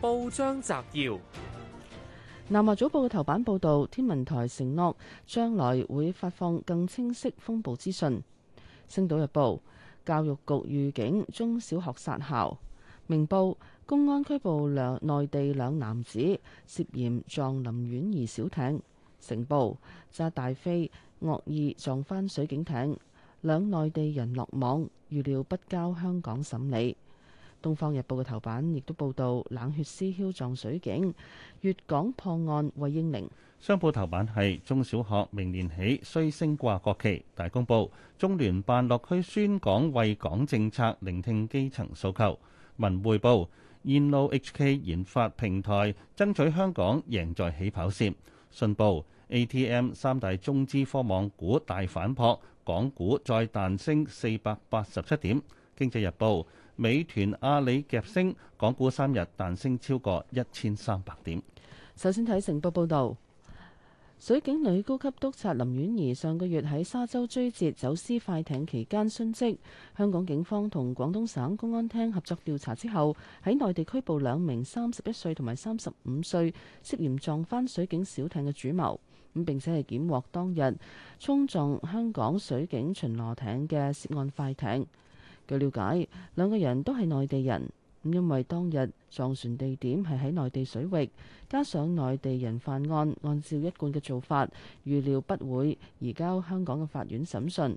報章摘要：南華早報嘅頭版報道，天文台承諾將來會發放更清晰風暴資訊。星島日報，教育局預警中小學殺校。明報，公安拘捕兩內地兩男子涉嫌撞林苑兒小艇。成報，揸大飛惡意撞翻水警艇，兩內地人落網，預料不交香港審理。《東方日報》嘅頭版亦都報道冷血私梟撞水警。《粵港破案》慰英靈。商報頭版係中小學明年起須升掛國旗。大公報中聯辦落區宣講惠港政策，聆聽基層訴求。文匯報 InnoHK 研發平台爭取香港贏在起跑線。信報 A T M 三大中資科網股大反撲，港股再彈升四百八十七點。《經濟日報》美團、阿里夾升，港股三日彈升超過一千三百點。首先睇成報報導，水警女高級督察林婉儀上個月喺沙洲追截走私快艇期間殉職。香港警方同廣東省公安廳合作調查之後，喺內地拘捕兩名三十一歲同埋三十五歲涉嫌撞翻水警小艇嘅主謀。咁並且係檢獲當日衝撞香港水警巡邏艇嘅涉案快艇。據了解，兩個人都係內地人。咁因為當日撞船地點係喺內地水域，加上內地人犯案，按照一貫嘅做法，預料不會移交香港嘅法院審訊。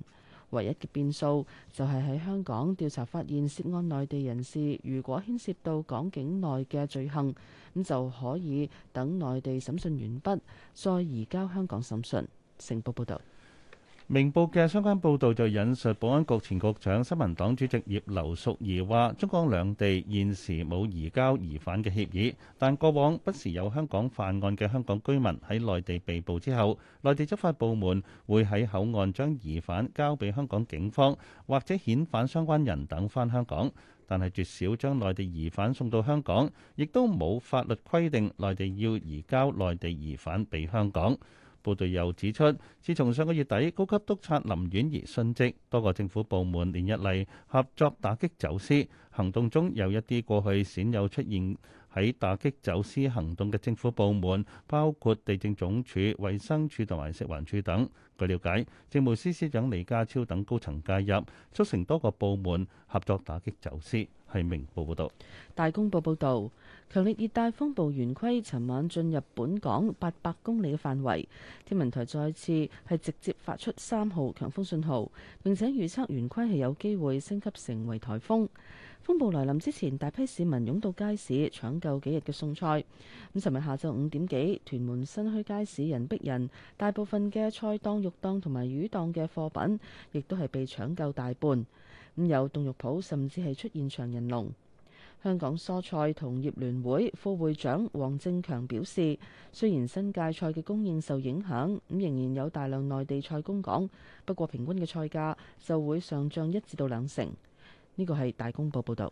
唯一嘅變數就係喺香港調查發現涉案內地人士，如果牽涉到港境內嘅罪行，咁就可以等內地審訊完畢，再移交香港審訊。成報報道。明報嘅相關報導就引述保安局前局長、新民黨主席葉劉淑儀話，中港兩地現時冇移交疑犯嘅協議，但過往不時有香港犯案嘅香港居民喺內地被捕之後，內地執法部門會喺口岸將疑犯交俾香港警方，或者遣返相關人等翻香港，但係絕少將內地疑犯送到香港，亦都冇法律規定內地要移交內地疑犯俾香港。部隊又指出，自從上個月底高級督察林婉兒殉職，多個政府部門連日嚟合作打擊走私。行動中有一啲過去鮮有出現喺打擊走私行動嘅政府部門，包括地政總署、衞生署同埋食環署等。據了解，政務司司長李家超等高層介入，促成多個部門合作打擊走私。係明報報道。大公報報道，強烈熱帶風暴圓規尋晚進入本港八百公里嘅範圍，天文台再次係直接發出三號強風信號，並且預測圓規係有機會升級成為颱風。風暴來臨之前，大批市民湧到街市搶購幾日嘅餸菜。咁，尋日下晝五點幾，屯門新墟街市人逼人，大部分嘅菜檔、肉檔同埋魚檔嘅貨品，亦都係被搶購大半。咁有凍肉鋪甚至係出現長人龍。香港蔬菜同業聯會副會長黃正強表示，雖然新界菜嘅供應受影響，咁仍然有大量內地菜供港，不過平均嘅菜價就會上漲一至到兩成。呢個係大公報報導，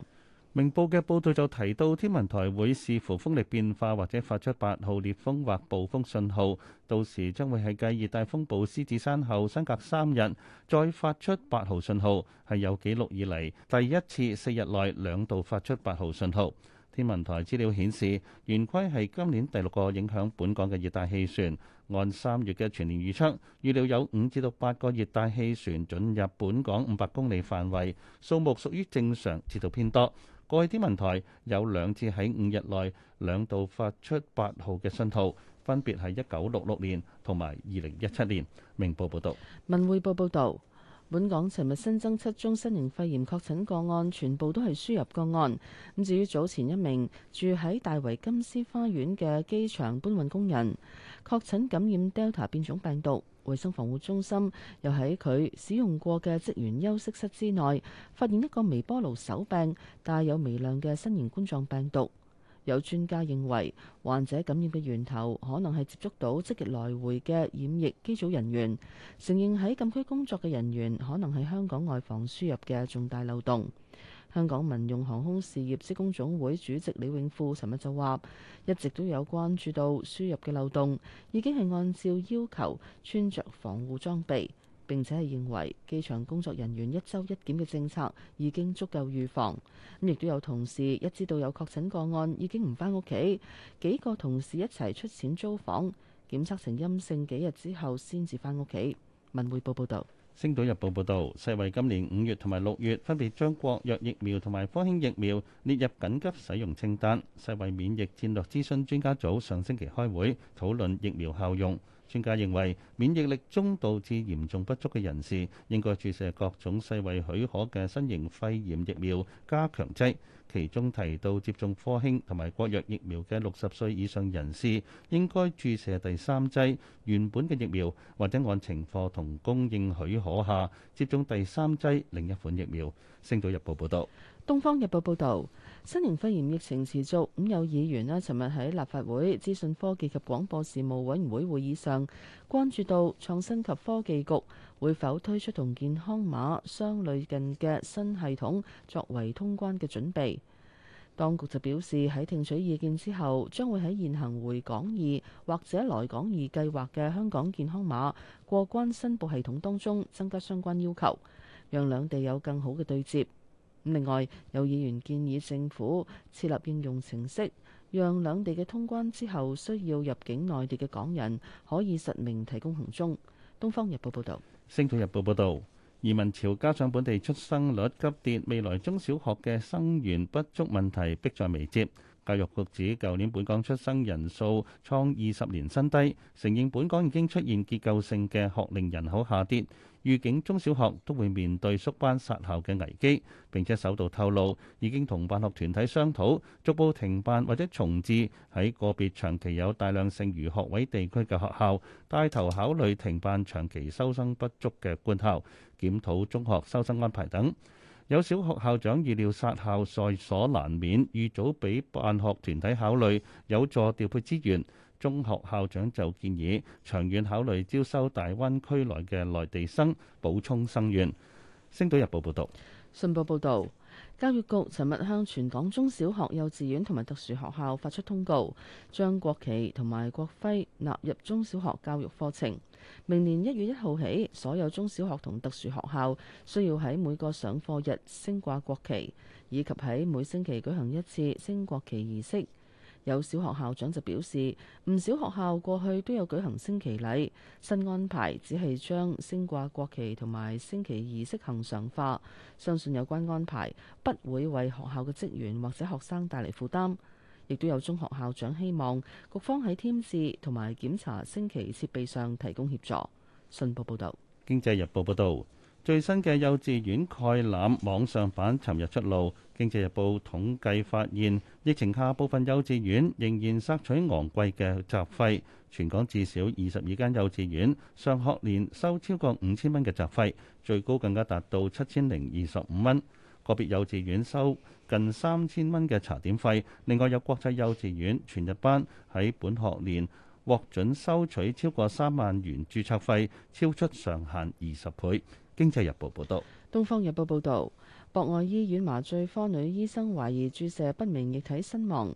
明報嘅報道就提到天文台會視乎風力變化或者發出八號烈風或暴風信號，到時將會係繼熱帶風暴獅子山後，相隔三日再發出八號信號，係有記錄以嚟第一次四日內兩度發出八號信號。天文台資料顯示，圓規係今年第六個影響本港嘅熱帶氣旋。按三月嘅全年預測，預料有五至到八個熱帶氣旋進入本港五百公里範圍，數目屬於正常，至到偏多。過去天文台有兩次喺五日內兩度發出八號嘅信號，分別係一九六六年同埋二零一七年。明報報道，文匯報報道。本港尋日新增七宗新型肺炎確診個案，全部都係輸入個案。咁至於早前一名住喺大圍金獅花園嘅機場搬運工人確診感染 Delta 變種病毒，衛生防護中心又喺佢使用過嘅職員休息室之內發現一個微波爐手柄帶有微量嘅新型冠狀病毒。有專家認為，患者感染嘅源頭可能係接觸到積極來回嘅染疫機組人員。承認喺禁區工作嘅人員可能係香港外防輸入嘅重大漏洞。香港民用航空事業職工總會主席李永富尋日就話：一直都有關注到輸入嘅漏洞，已經係按照要求穿着防護裝備。並且係認為機場工作人員一周一檢嘅政策已經足夠預防。咁亦都有同事一知道有確診個案，已經唔返屋企。幾個同事一齊出錢租房，檢測成陰性幾日之後先至返屋企。文匯報報道：《星島日報》報道，世衛今年五月同埋六月分別將國藥疫苗同埋科興疫苗列入緊急使用清單。世衛免疫戰略諮詢專家組上星期開會討論疫苗效用。專家認為，免疫力中度至嚴重不足嘅人士應該注射各種世衛許可嘅新型肺炎疫苗加強劑。其中提到，接種科興同埋國藥疫苗嘅六十歲以上人士，應該注射第三劑原本嘅疫苗，或者按情況同供應許可下接種第三劑另一款疫苗。星島日報報道。《東方日報》報道，新型肺炎疫情持續，有議員呢，尋日喺立法會資訊科技及廣播事務委員會會議上關注到創新及科技局會否推出同健康碼相類近嘅新系統，作為通關嘅準備。當局就表示，喺聽取意見之後，將會喺現行回港二或者來港二計劃嘅香港健康碼過關申報系統當中增加相關要求，讓兩地有更好嘅對接。另外，有議員建議政府設立應用程式，讓兩地嘅通關之後需要入境內地嘅港人可以實名提供行蹤。《東方日報》報道。《星島日報》報道，移民潮加上本地出生率急跌，未來中小學嘅生源不足問題迫在眉睫。教育局指，舊年本港出生人數創二十年新低，承認本港已經出現結構性嘅學齡人口下跌。預警中小學都會面對縮班殺校嘅危機，並且首度透露已經同辦學團體商討，逐步停辦或者重置喺個別長期有大量剩餘學位地區嘅學校，帶頭考慮停辦長期收生不足嘅官校，檢討中學收生安排等。有小學校長預料殺校在所難免，預早俾辦學團體考慮有助調配資源。中學校長就建議，長遠考慮招收大灣區內嘅內地生補充生源。星島日報報道：「信報報道，教育局尋日向全港中小學、幼稚園同埋特殊學校發出通告，將國旗同埋國徽納入中小學教育課程。明年一月一號起，所有中小學同特殊學校需要喺每個上課日升掛國旗，以及喺每星期舉行一次升國旗儀式。有小學校長就表示，唔少學校過去都有舉行升旗禮，新安排只係將升掛國旗同埋升旗儀式恒常化，相信有關安排不會為學校嘅職員或者學生帶嚟負擔。亦都有中學校長希望局方喺添置同埋檢查升旗設備上提供協助。信報報道，《經濟日報》報道。最新嘅幼稚園概覽網上版尋日出爐，《經濟日報》統計發現，疫情下部分幼稚園仍然收取昂貴嘅雜費。全港至少二十二間幼稚園上學年收超過五千蚊嘅雜費，最高更加達到七千零二十五蚊。個別幼稚園收近三千蚊嘅茶點費，另外有國際幼稚園全日班喺本學年獲准收取超過三萬元註冊費，超出上限二十倍。經濟日報報道，東方日報報道：博愛醫院麻醉科女醫生懷疑注射不明液體身亡。咁、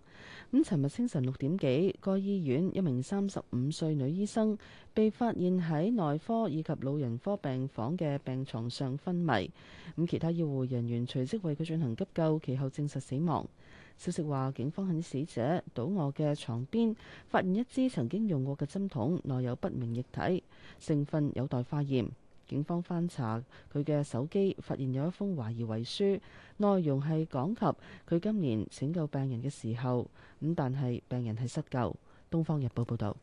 嗯，尋日清晨六點幾，該醫院一名三十五歲女醫生被發現喺內科以及老人科病房嘅病床上昏迷。咁、嗯，其他醫護人員隨即為佢進行急救，其後證實死亡。消息話，警方喺死者倒卧嘅床邊發現一支曾經用過嘅針筒，內有不明液體，成分有待化驗。警方翻查佢嘅手機，發現有一封懷疑遺書，內容係講及佢今年拯救病人嘅時候。咁但係病人係失救。《東方日報》報導，《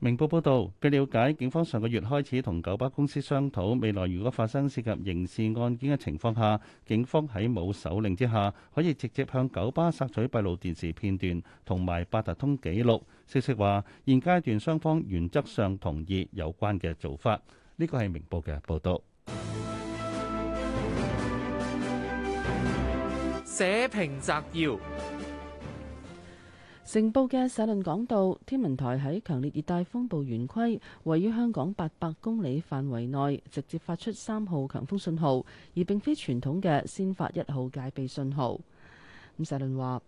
明報》報導，據瞭解，警方上個月開始同九巴公司商討未來，如果發生涉及刑事案件嘅情況下，警方喺冇手令之下可以直接向九巴索取閉路電視片段同埋八達通記錄。消息話，現階段雙方原則上同意有關嘅做法。呢個係明報嘅報道。社評摘要。成報嘅社論講到，天文台喺強烈熱帶風暴圓規位於香港八百公里範圍內，直接發出三號強風信號，而並非傳統嘅先發一號戒備信號。咁社論話，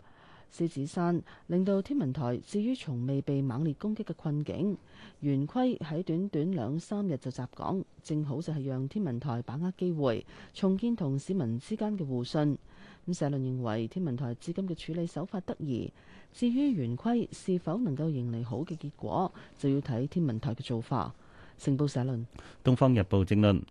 獅子山令到天文台置於從未被猛烈攻擊嘅困境，圓規喺短短兩三日就襲港，正好就係讓天文台把握機會重建同市民之間嘅互信。咁社論認為天文台至今嘅處理手法得宜，至於圓規是否能夠迎嚟好嘅結果，就要睇天文台嘅做法。成報社論，東方日報正論。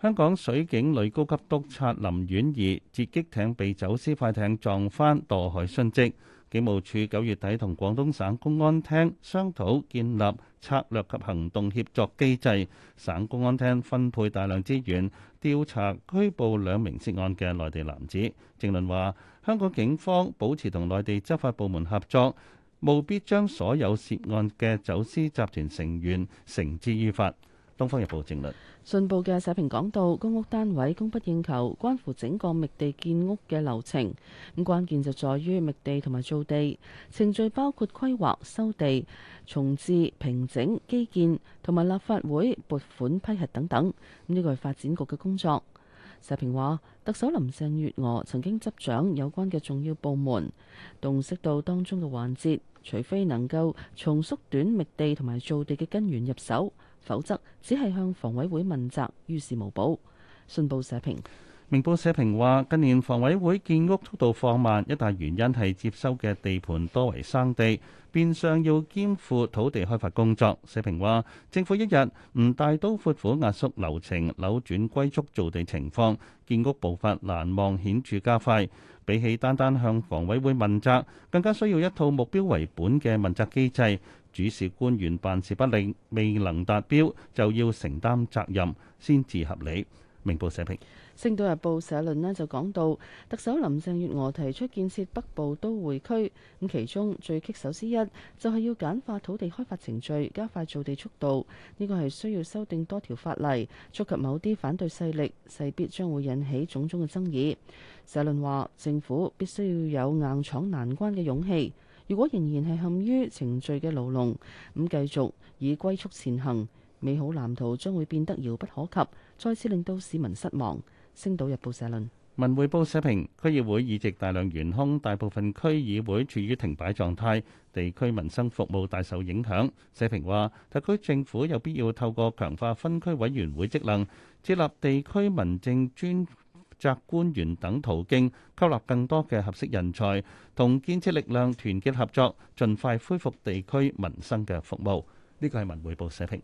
香港水警女高級督察林婉儀截擊艇被走私快艇撞翻，墮海殉職。警務處九月底同廣東省公安廳商討建立策略及行動協作機制，省公安廳分配大量資源調查拘捕兩名涉案嘅內地男子。鄭論話，香港警方保持同內地執法部門合作，務必將所有涉案嘅走私集團成員繩之於法。《東方日報》政論信報嘅社評講到，公屋單位供不應求，關乎整個覓地建屋嘅流程。咁關鍵就在於覓地同埋造地程序，包括規劃、收地、重置、平整、基建同埋立法會撥款批核等等。呢個係發展局嘅工作。社評話，特首林鄭月娥曾經執掌有關嘅重要部門，洞悉到當中嘅環節，除非能夠從縮短覓地同埋造地嘅根源入手，否則，只係向房委會問責，於事無補。信報社評，明報社評話，近年房委會建屋速度放慢，一大原因係接收嘅地盤多為生地，變相要兼負土地開發工作。社評話，政府一日唔大刀闊斧壓縮流程、扭轉歸宿造地情況，建屋步伐難望顯著加快。比起單單向房委會問責，更加需要一套目標為本嘅問責機制。主事官員辦事不力，未能達標就要承擔責任，先至合理。明報社評，《星島日報》社論呢就講到，特首林鄭月娥提出建設北部都會區，咁其中最棘手之一就係要簡化土地開發程序，加快造地速度。呢個係需要修訂多條法例，觸及某啲反對勢力，勢必將會引起種種嘅爭議。社論話，政府必須要有硬闖難關嘅勇氣。如果仍然係陷於程序嘅牢籠，咁繼續以龜速前行，美好藍圖將會變得遙不可及，再次令到市民失望。星島日報社論。文匯報社評，區議會議席大量懸空，大部分區議會處於停擺狀態，地區民生服務大受影響。社評話，特區政府有必要透過強化分區委員會職能，設立地區民政專擇官員等途徑，吸納更多嘅合適人才，同建設力量團結合作，盡快恢復地區民生嘅服務。呢個係文匯報社評。